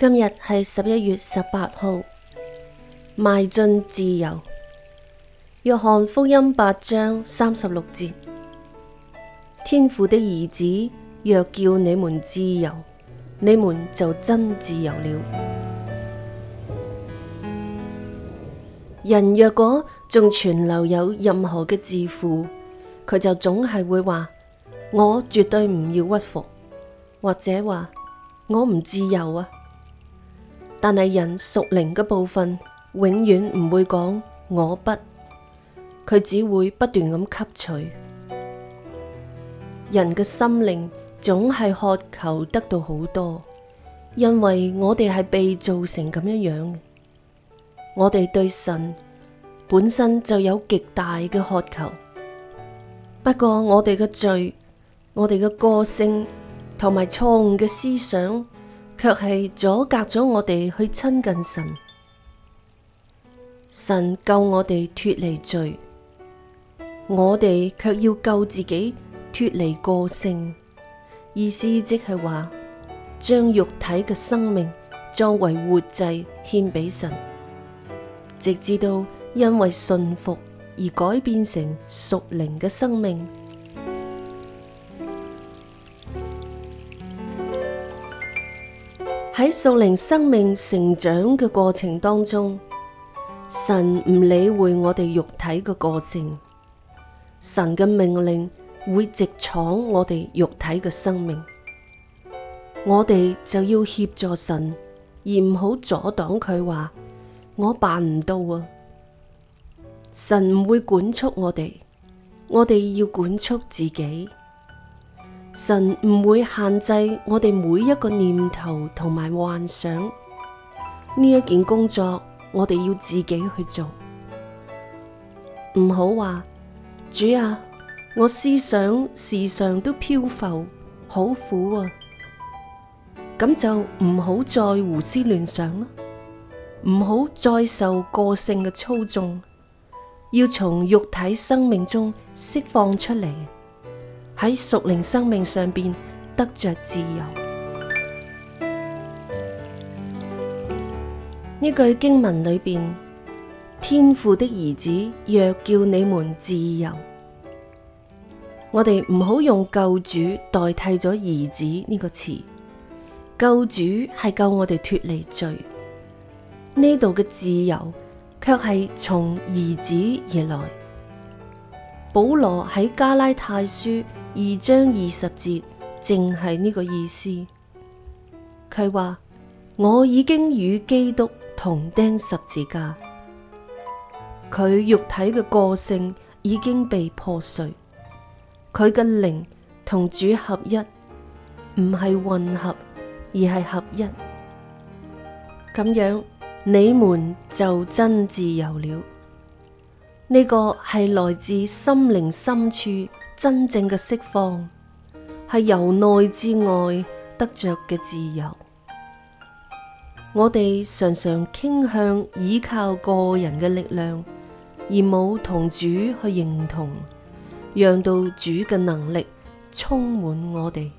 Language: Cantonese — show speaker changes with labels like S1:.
S1: 今日係十一月十八號，邁進自由。約翰福音八章三十六節：天父的兒子若叫你們自由，你們就真自由了。人若果仲存留有任何嘅自負，佢就總係會話：我絕對唔要屈服，或者話我唔自由啊！但係人屬靈嘅部分永遠唔會講我不，佢只會不斷咁吸取。人嘅心靈總係渴求得到好多，因為我哋係被造成咁樣樣嘅。我哋對神本身就有極大嘅渴求，不過我哋嘅罪，我哋嘅個性同埋錯誤嘅思想。卻係阻隔咗我哋去親近神，神，神救我哋脫離罪，我哋卻要救自己脫離個性。意思即係話，將肉體嘅生命作為活祭獻畀神，直至到因為信服而改變成屬靈嘅生命。喺屬靈生命成長嘅過程當中，神唔理會我哋肉體嘅個性，神嘅命令會直闖我哋肉體嘅生命，我哋就要協助神，而唔好阻擋佢話我辦唔到啊！神唔會管束我哋，我哋要管束自己。神唔會限制我哋每一個念頭同埋幻想。呢一件工作，我哋要自己去做，唔好話主啊，我思想時常都漂浮，好苦啊！咁就唔好再胡思亂想啦，唔好再受個性嘅操縱，要從肉體生命中釋放出嚟。喺屬靈生命上邊得着自由。呢句經文裏邊，天父的兒子若叫你們自由，我哋唔好用救主代替咗兒子呢個詞。救主係救我哋脫離罪，呢度嘅自由卻係從兒子而來。保羅喺加拉太書二章二十節，正係呢個意思。佢話，我已經與基督同釘十字架，佢肉體嘅個性已經被破碎，佢嘅靈同主合一，唔係混合，而係合一。咁樣你們就真自由了。呢個係來自心靈深處。真正嘅釋放係由內至外得着嘅自由。我哋常常傾向依靠個人嘅力量，而冇同主去認同，讓到主嘅能力充滿我哋。